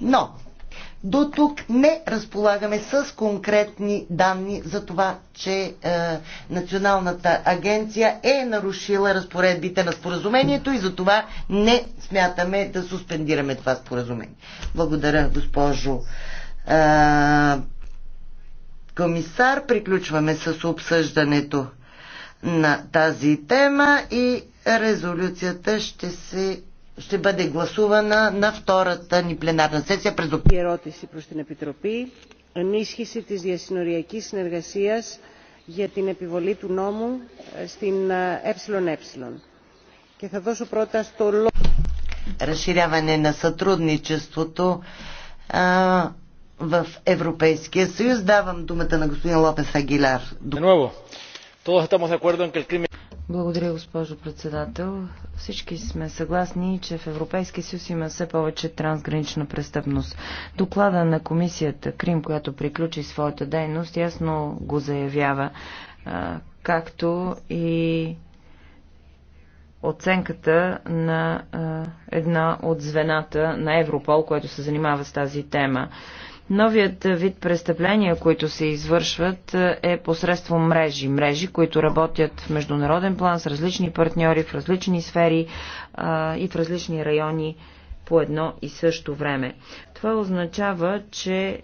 Но до тук не разполагаме с конкретни данни за това, че е, Националната агенция е нарушила разпоредбите на споразумението и за това не смятаме да суспендираме това споразумение. Благодаря, госпожо е, комисар. Приключваме с обсъждането на тази тема и резолюцията ще се ще бъде гласувана на втората ни пленарна сесия през октомври. Ερώτηση προς την Επιτροπή. Ενίσχυση της διασυνοριακής συνεργασίας για την επιβολή του νόμου στην ΕΕ. Και θα δώσω πρώτα στο λόγο. Разширяване на сътрудничеството а, в Европейския съюз. Давам думата на господин Лопес Агилар. De nuevo, todos estamos de acuerdo en que el crimen... Благодаря, госпожо председател. Всички сме съгласни, че в Европейския съюз има все повече трансгранична престъпност. Доклада на комисията Крим, която приключи своята дейност, ясно го заявява, както и оценката на една от звената на Европол, което се занимава с тази тема. Новият вид престъпления, които се извършват, е посредством мрежи. Мрежи, които работят в международен план с различни партньори, в различни сфери а, и в различни райони по едно и също време. Това означава, че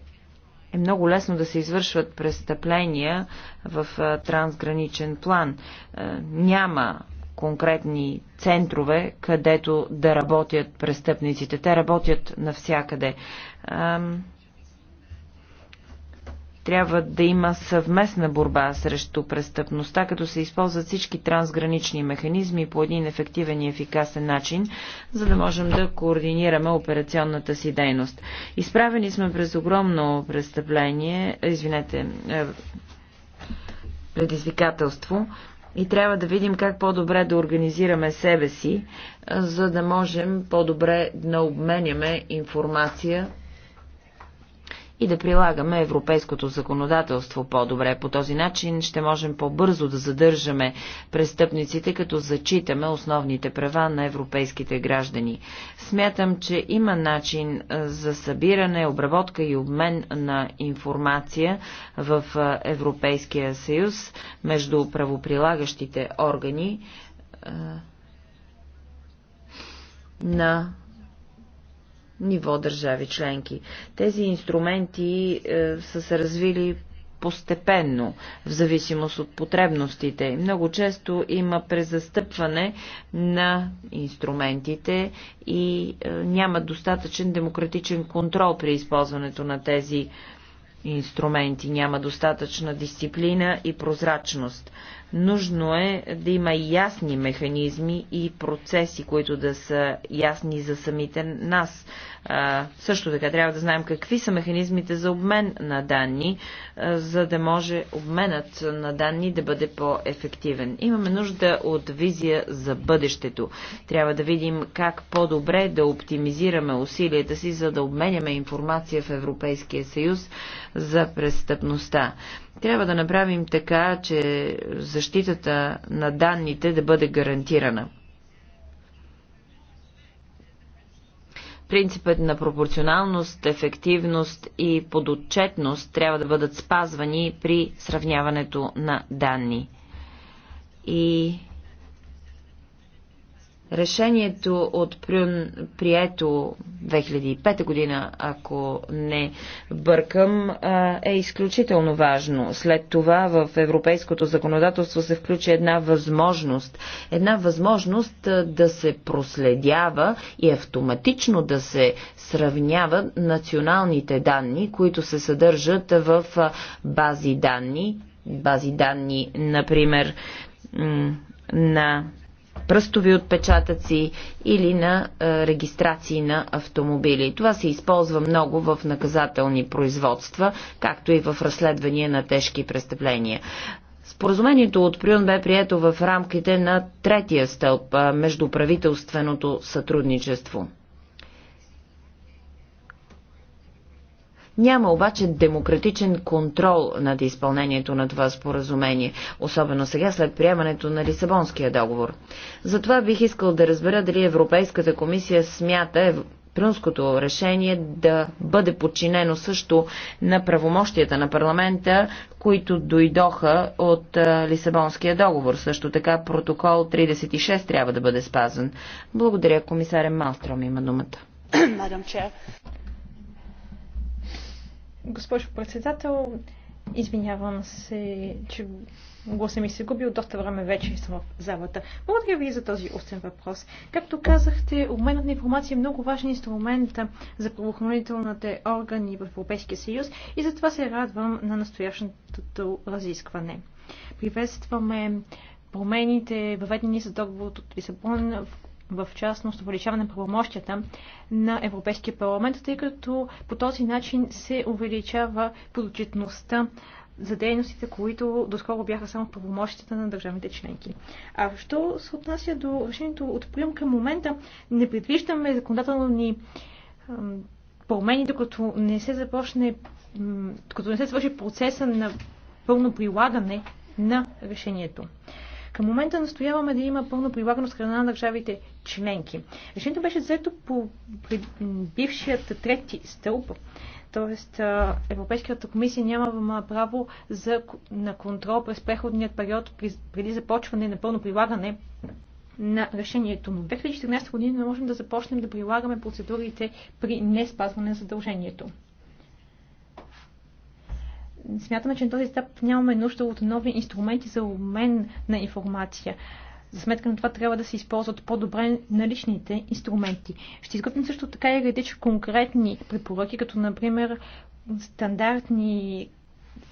е много лесно да се извършват престъпления в а, трансграничен план. А, няма конкретни центрове, където да работят престъпниците. Те работят навсякъде. А, трябва да има съвместна борба срещу престъпността, като се използват всички трансгранични механизми по един ефективен и ефикасен начин, за да можем да координираме операционната си дейност. Изправени сме през огромно престъпление, извинете, е, предизвикателство, и трябва да видим как по-добре да организираме себе си, е, за да можем по-добре да обменяме информация и да прилагаме европейското законодателство по-добре. По този начин ще можем по-бързо да задържаме престъпниците, като зачитаме основните права на европейските граждани. Смятам, че има начин за събиране, обработка и обмен на информация в Европейския съюз между правоприлагащите органи на ниво държави членки. Тези инструменти е, са се развили постепенно, в зависимост от потребностите. Много често има презастъпване на инструментите и е, няма достатъчен демократичен контрол при използването на тези инструменти. Няма достатъчна дисциплина и прозрачност. Нужно е да има ясни механизми и процеси, които да са ясни за самите нас. А, също така трябва да знаем какви са механизмите за обмен на данни, а, за да може обменът на данни да бъде по-ефективен. Имаме нужда от визия за бъдещето. Трябва да видим как по-добре да оптимизираме усилията си, за да обменяме информация в Европейския съюз за престъпността. Трябва да направим така, че защитата на данните да бъде гарантирана. Принципът на пропорционалност, ефективност и подотчетност трябва да бъдат спазвани при сравняването на данни. И Решението от Прюн, прието 2005 година, ако не бъркам, е изключително важно. След това в европейското законодателство се включи една възможност. Една възможност да се проследява и автоматично да се сравнява националните данни, които се съдържат в бази данни, бази данни, например, на пръстови отпечатъци или на е, регистрации на автомобили. Това се използва много в наказателни производства, както и в разследвания на тежки престъпления. Споразумението от Прюн бе прието в рамките на третия стълб е, между правителственото сътрудничество. Няма обаче демократичен контрол над изпълнението на това споразумение, особено сега след приемането на Лисабонския договор. Затова бих искал да разбера дали Европейската комисия смята Прюнското решение да бъде подчинено също на правомощията на парламента, които дойдоха от Лисабонския договор. Също така протокол 36 трябва да бъде спазен. Благодаря, комисарен Малстром има думата. Госпожо председател, извинявам се, че гласа ми се губи от доста време вече съм в залата. Благодаря ви за този устен въпрос. Както казахте, обменът на информация е много важен инструмент за правоохранителните органи в Европейския съюз и затова се радвам на настоящото разискване. Приветстваме промените, въведени за договорът от Лисабон, в частност увеличаване на правомощията на Европейския парламент, тъй като по този начин се увеличава подотчетността за дейностите, които доскоро бяха само правомощията на държавните членки. А що се отнася до решението от прием към момента, не предвиждаме законодателно ни промени, докато не се започне, докато не се свърши процеса на пълно прилагане на решението. Към момента настояваме да има пълно прилагано страна на държавите членки. Решението беше взето по бившият трети стълб, т.е. Европейската комисия няма право за, на контрол през преходният период преди започване на пълно прилагане на решението. Но в 2014 година можем да започнем да прилагаме процедурите при неспазване на задължението смятаме, че на този етап нямаме нужда от нови инструменти за обмен на информация. За сметка на това трябва да се използват по-добре наличните инструменти. Ще изготвим също така и редич конкретни препоръки, като например стандартни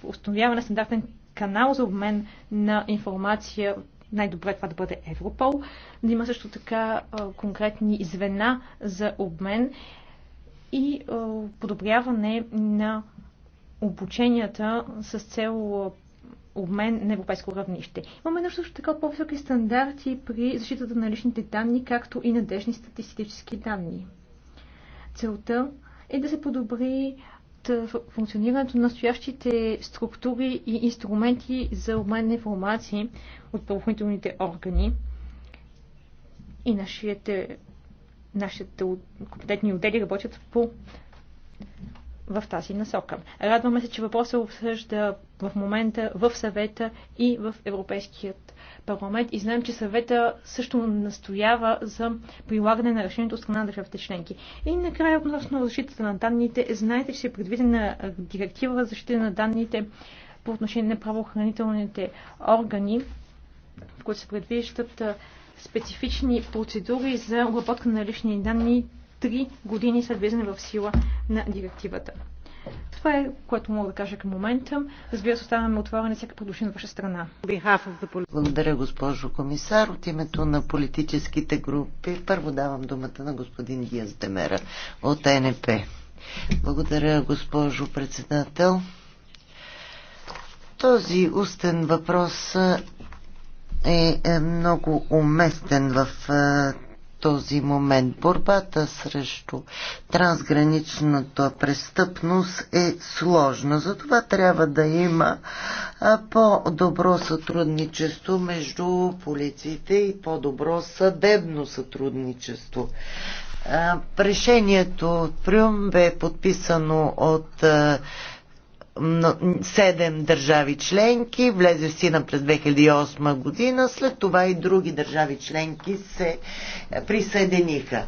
установяване на стандартен канал за обмен на информация най-добре е това да бъде Европол. Да има също така конкретни звена за обмен и подобряване на обученията с цел обмен на европейско равнище. Имаме нужда също така по-високи стандарти при защитата на личните данни, както и надежни статистически данни. Целта е да се подобри функционирането на настоящите структури и инструменти за обмен на информации от правоохранителните органи и нашите, нашите компетентни отдели работят по в тази насока. Радваме се, че въпросът обсъжда в момента в съвета и в Европейският парламент и знаем, че съвета също настоява за прилагане на решението от страна на държавите членки. И накрая относно защитата на данните, знаете, че се е предвидена директива за защита на данните по отношение на правоохранителните органи, в които се предвиждат специфични процедури за обработка на лични данни Три години след влизане в сила на директивата. Това е, което мога да кажа към момента. Разбира се, оставаме отворени всяка продължение на ваша страна. Благодаря, госпожо комисар. От името на политическите групи първо давам думата на господин Диас Демера от НП. Благодаря, госпожо председател. Този устен въпрос е, е много уместен в е, този момент. Борбата срещу трансграничната престъпност е сложна. Затова трябва да има по-добро сътрудничество между полициите и по-добро съдебно сътрудничество. Решението от Прюм бе подписано от седем държави членки, влезе в сина през 2008 година, след това и други държави членки се присъединиха.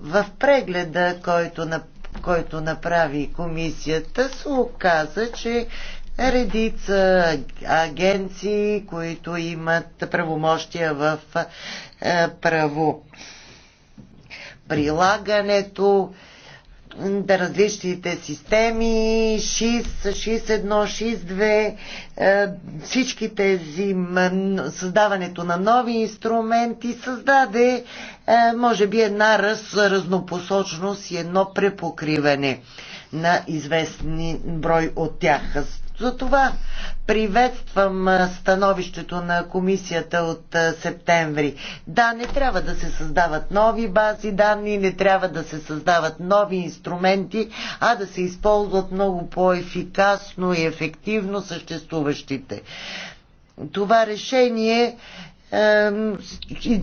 В прегледа, който, който направи комисията, се оказа, че редица агенции, които имат правомощия в право прилагането, да различните системи, ШИС, ШИС-1, ШИС-2, всички тези създаването на нови инструменти създаде, е, може би, една раз, разнопосочност и едно препокриване на известни брой от тях. Затова приветствам становището на комисията от септември. Да, не трябва да се създават нови бази данни, не трябва да се създават нови инструменти, а да се използват много по-ефикасно и ефективно съществуващите. Това решение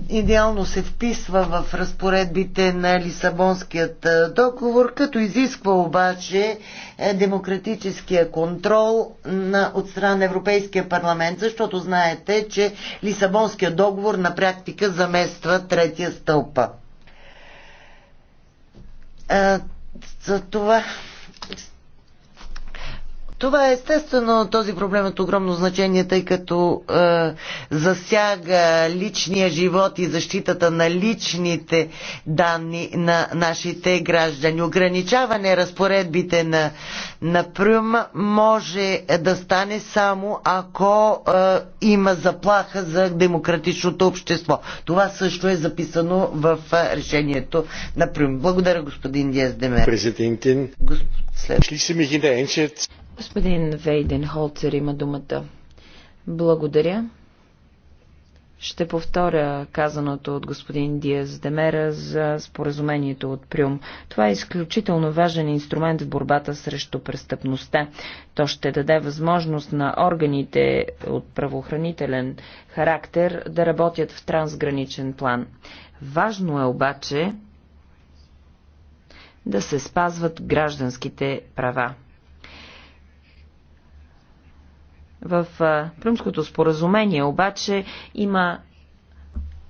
идеално се вписва в разпоредбите на Лисабонският е, договор, като изисква обаче е, демократическия контрол на, от страна на Европейския парламент, защото знаете, че Лисабонският договор на практика замества третия стълпа. Е, за това това е естествено този проблем е от огромно значение, тъй като е, засяга личния живот и защитата на личните данни на нашите граждани. Ограничаване разпоредбите на, на Прюм може да стане само ако е, има заплаха за демократичното общество. Това също е записано в е, решението на Прюм. Благодаря, господин Диез Демер. Президентин, След... Господин Вейден Холцер има думата. Благодаря. Ще повторя казаното от господин Диас Демера за споразумението от Прюм. Това е изключително важен инструмент в борбата срещу престъпността. То ще даде възможност на органите от правоохранителен характер да работят в трансграничен план. Важно е обаче да се спазват гражданските права. В примското споразумение обаче има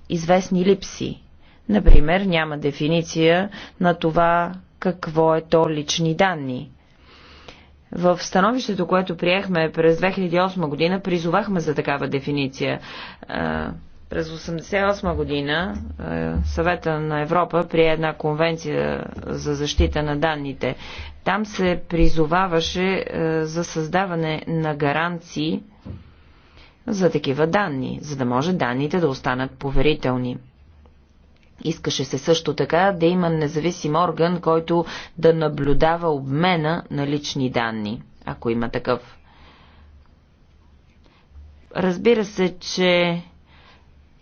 известни липси. Например, няма дефиниция на това какво е то лични данни. В становището, което приехме през 2008 година, призовахме за такава дефиниция. През 1988 година е, съвета на Европа прие една конвенция за защита на данните. Там се призоваваше е, за създаване на гаранции за такива данни, за да може данните да останат поверителни. Искаше се също така да има независим орган, който да наблюдава обмена на лични данни, ако има такъв. Разбира се, че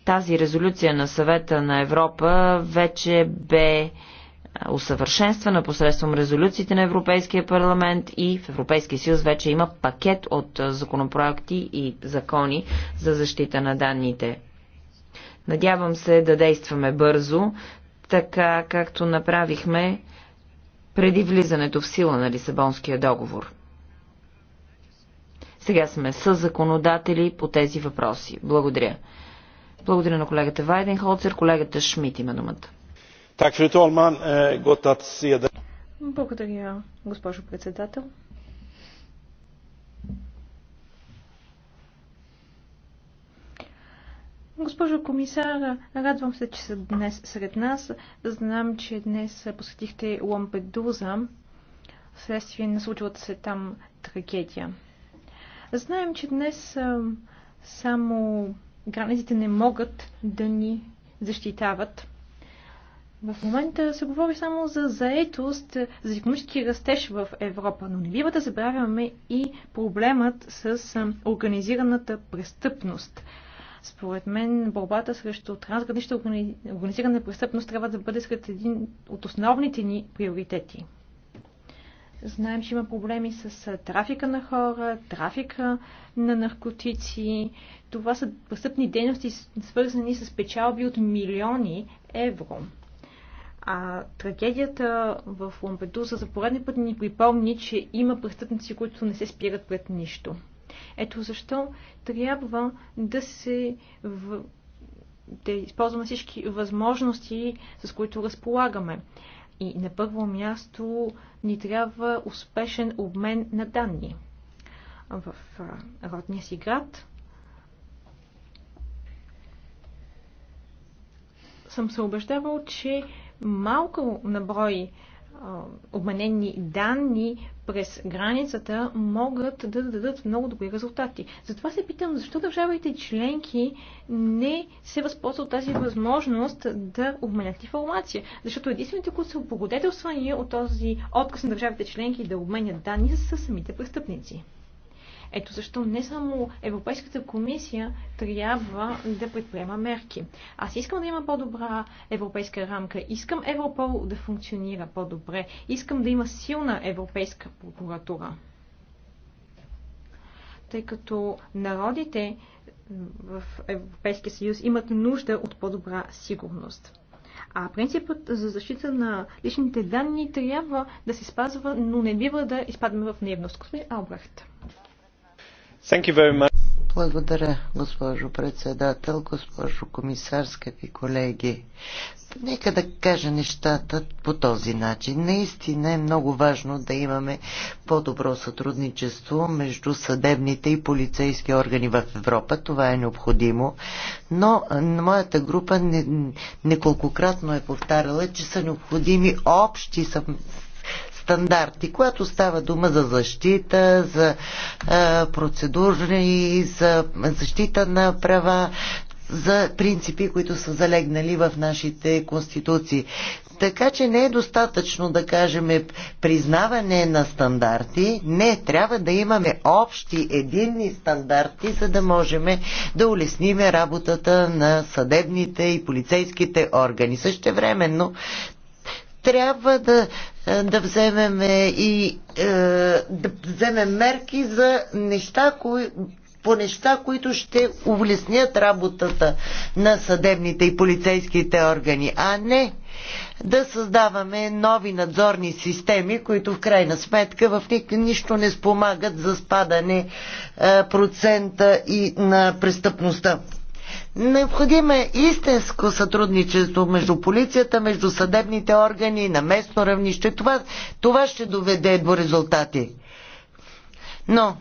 тази резолюция на съвета на Европа вече бе усъвършенствана посредством резолюциите на Европейския парламент и в Европейския съюз вече има пакет от законопроекти и закони за защита на данните. Надявам се да действаме бързо, така както направихме преди влизането в сила на Лисабонския договор. Сега сме със законодатели по тези въпроси. Благодаря. Благодаря на колегата Вайденхолцер. Колегата Шмидт има думата. Е, Благодаря, госпожо председател. Госпожо комисар, радвам се, че са днес сред нас. Знам, че днес посетихте Лампедуза вследствие на случилата се там трагедия. Знаем, че днес само границите не могат да ни защитават. В момента се говори само за заетост, за економически растеж в Европа, но не бива да забравяме и проблемът с организираната престъпност. Според мен борбата срещу трансгранична организирана престъпност трябва да бъде сред един от основните ни приоритети. Знаем, че има проблеми с трафика на хора, трафика на наркотици. Това са престъпни дейности, свързани с печалби от милиони евро. А трагедията в Лампедуза за поредни път ни припомни, че има престъпници, които не се спират пред нищо. Ето защо трябва да се в... да използваме всички възможности, с които разполагаме. И на първо място ни трябва успешен обмен на данни в родния си град. Съм се убеждавал, че малко наброй обменени данни през границата могат да дадат много добри резултати. Затова се питам, защо държавите членки не се възползват тази възможност да обменят информация? Защото единствените, които са облагодетелствани от този отказ на държавите членки да обменят данни, са самите престъпници. Ето защо не само Европейската комисия трябва да предприема мерки. Аз искам да има по-добра европейска рамка. Искам Европол да функционира по-добре. Искам да има силна европейска прокуратура. Тъй като народите в Европейския съюз имат нужда от по-добра сигурност. А принципът за защита на личните данни трябва да се спазва, но не бива да изпадаме в наивност. Господин Албрехт. Благодаря, госпожо председател, госпожо комисар, скъпи колеги. Нека да кажа нещата по този начин. Наистина е много важно да имаме по-добро сътрудничество между съдебните и полицейски органи в Европа. Това е необходимо. Но моята група неколкократно е повтаряла, че са необходими общи стандарти, когато става дума за защита, за процедурни, за защита на права, за принципи, които са залегнали в нашите конституции. Така че не е достатъчно да кажем признаване на стандарти. Не, трябва да имаме общи, единни стандарти, за да можем да улесниме работата на съдебните и полицейските органи. Същевременно трябва да, е, да вземем и е, да вземем мерки за неща, кои, по неща, които ще улеснят работата на съдебните и полицейските органи, а не да създаваме нови надзорни системи, които в крайна сметка в ни, нищо не спомагат за спадане е, процента и на престъпността. Необходимо е истинско сътрудничество между полицията, между съдебните органи на местно равнище. Това, това ще доведе до резултати. Но,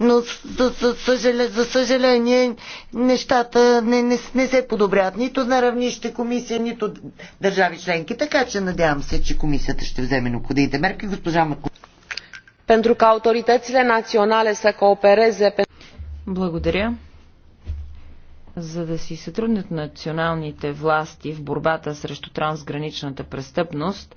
но за, за, съжаление, за съжаление нещата не, не, не се подобрят нито на равнище комисия, нито държави членки. Така че надявам се, че комисията ще вземе необходимите мерки. Госпожа Мако. Pentru ca autoritățile naționale să coopereze благодаря. За да си сътруднят националните власти в борбата срещу трансграничната престъпност,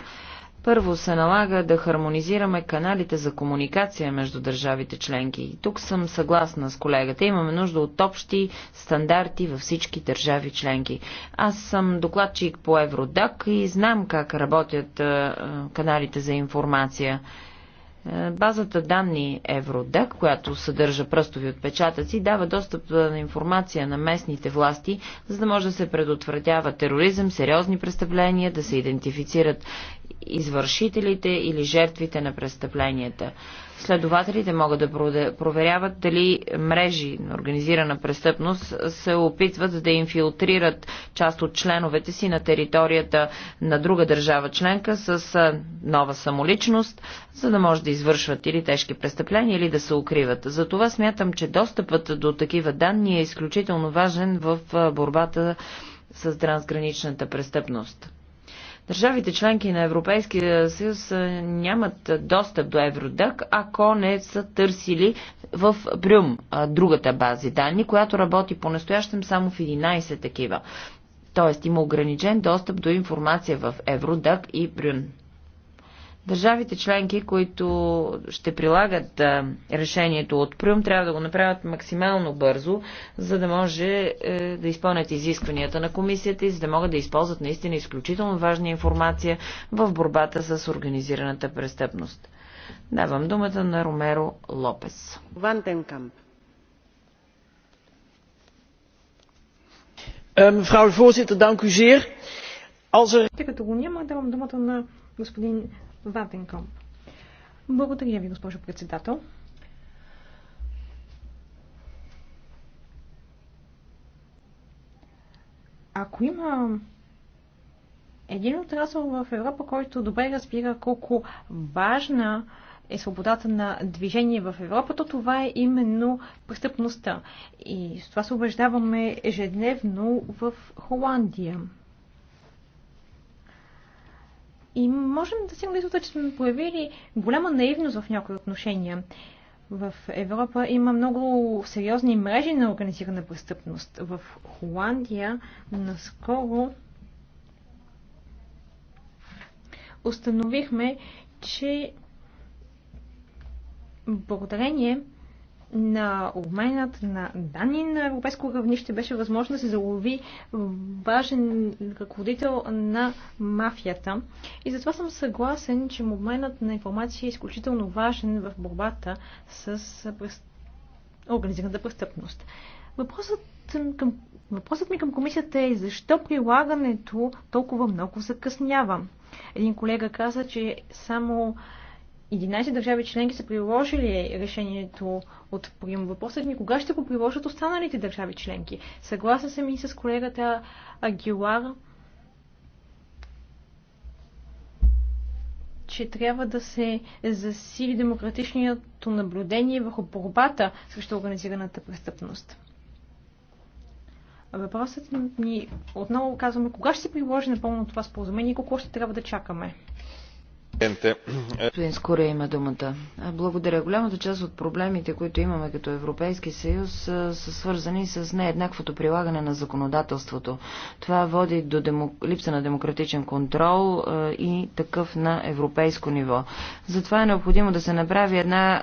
първо се налага да хармонизираме каналите за комуникация между държавите членки. И тук съм съгласна с колегата. Имаме нужда от общи стандарти във всички държави членки. Аз съм докладчик по Евродак и знам как работят каналите за информация. Е, базата данни Евродак, която съдържа пръстови отпечатъци, дава достъп на информация на местните власти, за да може да се предотвратява тероризъм, сериозни престъпления, да се идентифицират извършителите или жертвите на престъпленията. Следователите могат да проверяват дали мрежи на организирана престъпност се опитват да инфилтрират част от членовете си на територията на друга държава членка с нова самоличност, за да може да извършват или тежки престъпления, или да се укриват. Затова смятам, че достъпът до такива данни е изключително важен в борбата с трансграничната престъпност. Държавите членки на Европейския съюз нямат достъп до Евродък, ако не са търсили в Брюм другата бази данни, която работи по-настоящем само в 11 такива. Тоест има ограничен достъп до информация в Евродък и Брюн. Държавите членки, които ще прилагат решението от Прюм, трябва да го направят максимално бързо, за да може е, да изпълнят изискванията на комисията и за да могат да използват наистина изключително важна информация в борбата с организираната престъпност. Давам думата на Ромеро Лопес. Вантенкамп. Мevrouw de voorzitter, dank u zeer. Als er... Тъй като го няма, давам думата на господин Ватенком. Благодаря ви, госпожо председател. Ако има един отрасъл в Европа, който добре разбира колко важна е свободата на движение в Европа, то това е именно престъпността. И с това се убеждаваме ежедневно в Холандия. И можем да си мисля, че сме проявили голяма наивност в някои отношения. В Европа има много сериозни мрежи на организирана престъпност. В Холандия наскоро установихме, че благодарение на обменът на данни на европейско равнище беше възможно да се залови важен ръководител на мафията. И затова съм съгласен, че обменът на информация е изключително важен в борбата с организираната престъпност. Въпросът към, въпросът ми към комисията е защо прилагането толкова много закъснява. Един колега каза, че само 11 държави членки са приложили решението от прием. Въпросът ми е, кога ще го приложат останалите държави членки? Съгласна съм и с колегата Агилар, че трябва да се засили демократичното наблюдение върху борбата срещу организираната престъпност. Въпросът ми отново казваме, кога ще се приложи напълно това споразумение и колко ще трябва да чакаме? Господин има думата. Благодаря. Голямата част от проблемите, които имаме като Европейски съюз, са свързани с нееднаквото прилагане на законодателството. Това води до демо... липса на демократичен контрол и такъв на европейско ниво. Затова е необходимо да се направи една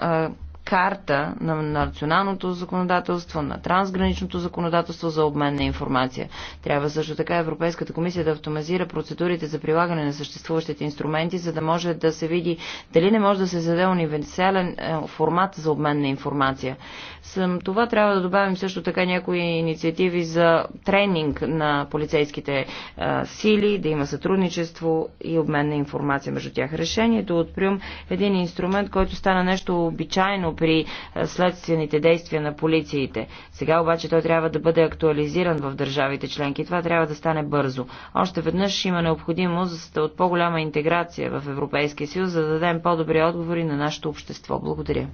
карта на националното законодателство, на трансграничното законодателство за обмен на информация. Трябва също така Европейската комисия да автоматизира процедурите за прилагане на съществуващите инструменти, за да може да се види дали не може да се заде универсален е, формат за обмен на информация. Съм това трябва да добавим също така някои инициативи за тренинг на полицейските а, е, сили, да има сътрудничество и обмен на информация между тях. Решението от Прюм е един инструмент, който стана нещо обичайно при следствените действия на полициите. Сега обаче той трябва да бъде актуализиран в държавите членки. Това трябва да стане бързо. Още веднъж има необходимост от по-голяма интеграция в Европейския съюз, за да дадем по-добри отговори на нашето общество. Благодаря.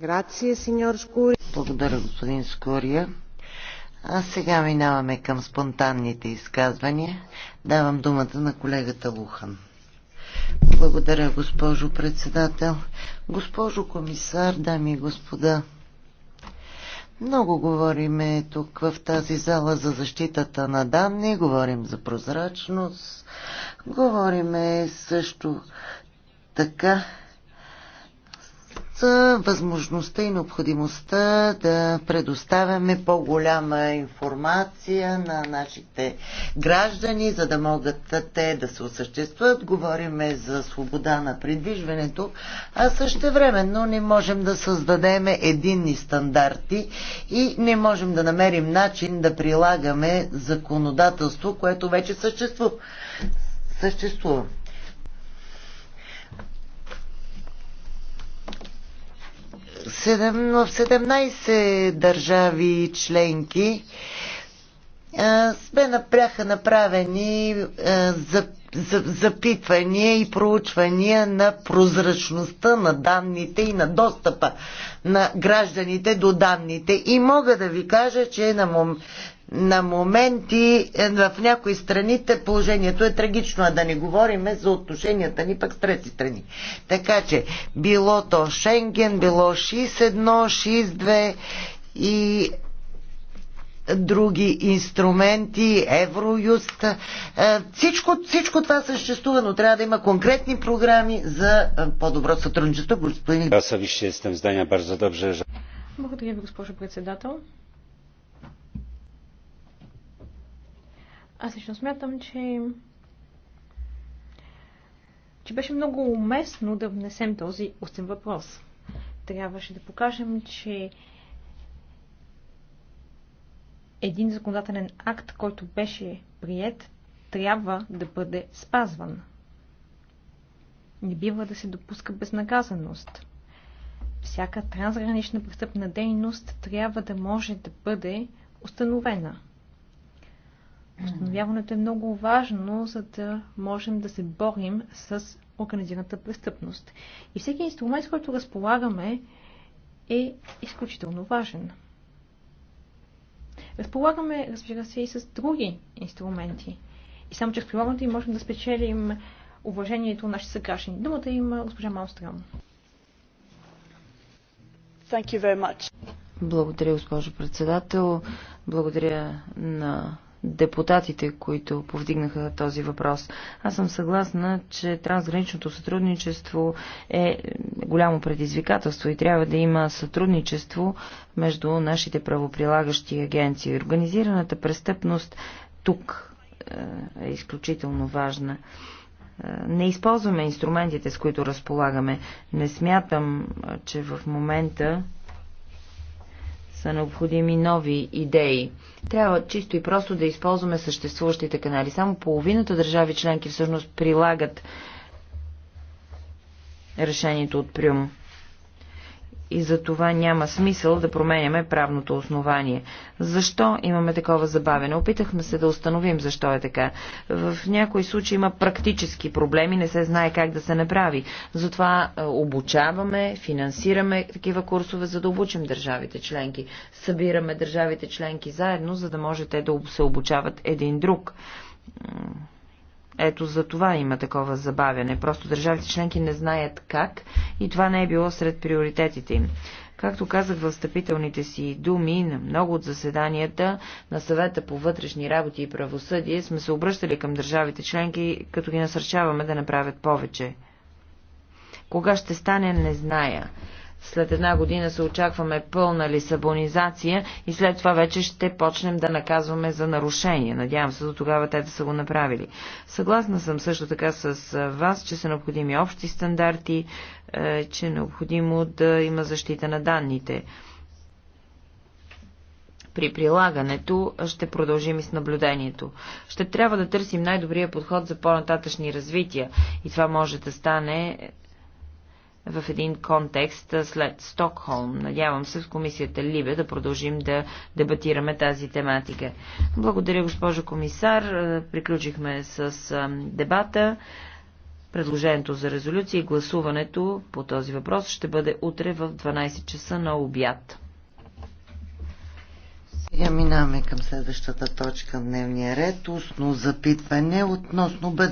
Грация, сеньор Скори. Благодаря, господин Скория. А сега минаваме към спонтанните изказвания. Давам думата на колегата Лухан. Благодаря, госпожо председател. Госпожо комисар, дами и господа, много говориме тук в тази зала за защитата на данни, говорим за прозрачност, говориме също така възможността и необходимостта да предоставяме по-голяма информация на нашите граждани, за да могат те да се осъществят. Говориме за свобода на придвижването, а също времено не можем да създадем единни стандарти и не можем да намерим начин да прилагаме законодателство, което вече съществува. съществува. в 17 държави членки сме напряха направени за, запитвания и проучвания на прозрачността на данните и на достъпа на гражданите до данните. И мога да ви кажа, че на, мом, на моменти е, в някои страните положението е трагично, а да не говорим за отношенията ни пък с трети страни. Така че, било то Шенген, било 61, 62 и други инструменти, Евроюст. Е, всичко, всичко това съществува, но трябва да има конкретни програми за е, по-добро сътрудничество. Господин... Аз съвище съм здания бързо добре. Благодаря ви, госпожо председател. Аз лично смятам, че че беше много уместно да внесем този устен въпрос. Трябваше да покажем, че един законодателен акт, който беше прият, трябва да бъде спазван. Не бива да се допуска безнаказаност. Всяка трансгранична престъпна дейност трябва да може да бъде установена. Установяването е много важно, за да можем да се борим с организираната престъпност. И всеки инструмент, с който разполагаме, е изключително важен. Разполагаме, разбира се, и с други инструменти. И само чрез прилагането им можем да спечелим уважението на нашите съграждани. Думата има госпожа Малстрам. Благодаря, госпожо председател. Благодаря на депутатите, които повдигнаха този въпрос. Аз съм съгласна, че трансграничното сътрудничество е голямо предизвикателство и трябва да има сътрудничество между нашите правоприлагащи агенции. Организираната престъпност тук е, е изключително важна. Е, не използваме инструментите, с които разполагаме. Не смятам, че в момента са необходими нови идеи. Трябва чисто и просто да използваме съществуващите канали. Само половината държави членки всъщност прилагат решението от Прюм и за това няма смисъл да променяме правното основание. Защо имаме такова забавене? Опитахме се да установим защо е така. В някои случаи има практически проблеми, не се знае как да се направи. Затова е, обучаваме, финансираме такива курсове, за да обучим държавите членки. Събираме държавите членки заедно, за да може те да се обучават един друг ето за това има такова забавяне. Просто държавите членки не знаят как и това не е било сред приоритетите им. Както казах в стъпителните си думи, на много от заседанията на съвета по вътрешни работи и правосъдие сме се обръщали към държавите членки, като ги насърчаваме да направят повече. Кога ще стане, не зная. След една година се очакваме пълна лисабонизация и след това вече ще почнем да наказваме за нарушения. Надявам се до тогава те да са го направили. Съгласна съм също така с вас, че са необходими общи стандарти, е, че е необходимо да има защита на данните. При прилагането ще продължим и с наблюдението. Ще трябва да търсим най-добрия подход за по-нататъчни развития и това може да стане в един контекст след Стокхолм. Надявам се в комисията Либе да продължим да дебатираме тази тематика. Благодаря, госпожо комисар. Приключихме с дебата. Предложението за резолюция и гласуването по този въпрос ще бъде утре в 12 часа на обяд. Сега минаваме към следващата точка в дневния ред. Устно запитване относно бъде